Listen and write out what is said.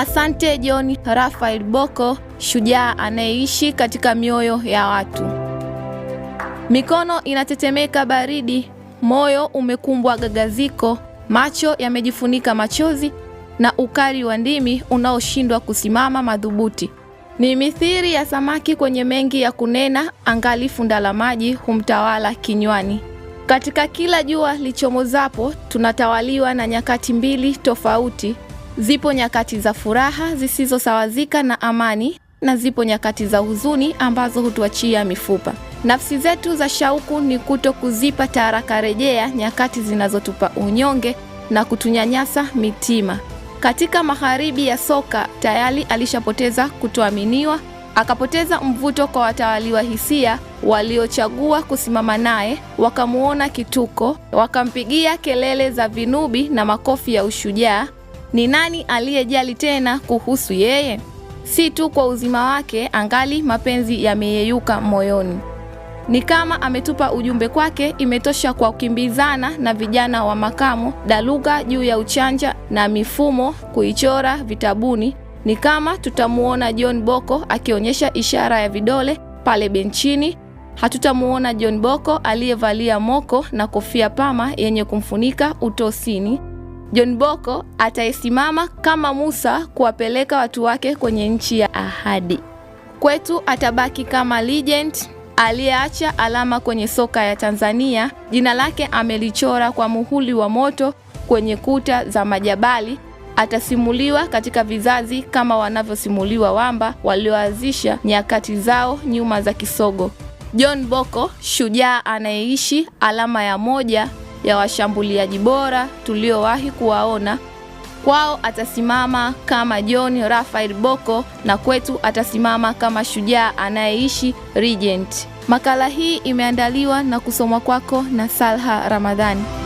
Asante John Raphael Boko, shujaa anayeishi katika mioyo ya watu. Mikono inatetemeka baridi, moyo umekumbwa gagaziko, macho yamejifunika machozi na ukali wa ndimi unaoshindwa kusimama madhubuti. Ni mithiri ya samaki kwenye mengi ya kunena, angali funda la maji humtawala kinywani. Katika kila jua lichomozapo, tunatawaliwa na nyakati mbili tofauti. Zipo nyakati za furaha zisizosawazika na amani, na zipo nyakati za huzuni ambazo hutuachia mifupa. Nafsi zetu za shauku ni kuto kuzipa taraka rejea nyakati zinazotupa unyonge na kutunyanyasa mitima. Katika magharibi ya soka tayari alishapoteza kutoaminiwa, akapoteza mvuto kwa watawaliwa hisia waliochagua kusimama naye, wakamuona kituko, wakampigia kelele za vinubi na makofi ya ushujaa. Ni nani aliyejali tena kuhusu yeye? Si tu kwa uzima wake, angali mapenzi yameyeyuka moyoni. Ni kama ametupa ujumbe kwake, imetosha kwa kukimbizana na vijana wa makamo daluga juu ya uchanja na mifumo kuichora vitabuni. Ni kama tutamuona John Boko akionyesha ishara ya vidole pale benchini, hatutamuona John Boko aliyevalia moko na kofia pama yenye kumfunika utosini. John Boko atayesimama kama Musa kuwapeleka watu wake kwenye nchi ya ahadi. Kwetu atabaki kama legend aliyeacha alama kwenye soka ya Tanzania. Jina lake amelichora kwa muhuri wa moto kwenye kuta za majabali. Atasimuliwa katika vizazi kama wanavyosimuliwa wamba walioanzisha nyakati zao nyuma za kisogo. John Boko, shujaa anayeishi alama ya moja ya washambuliaji bora tuliowahi kuwaona. Kwao atasimama kama John Raphael Boko na kwetu atasimama kama shujaa anayeishi Regent. Makala hii imeandaliwa na kusomwa kwako na Salha Ramadhani.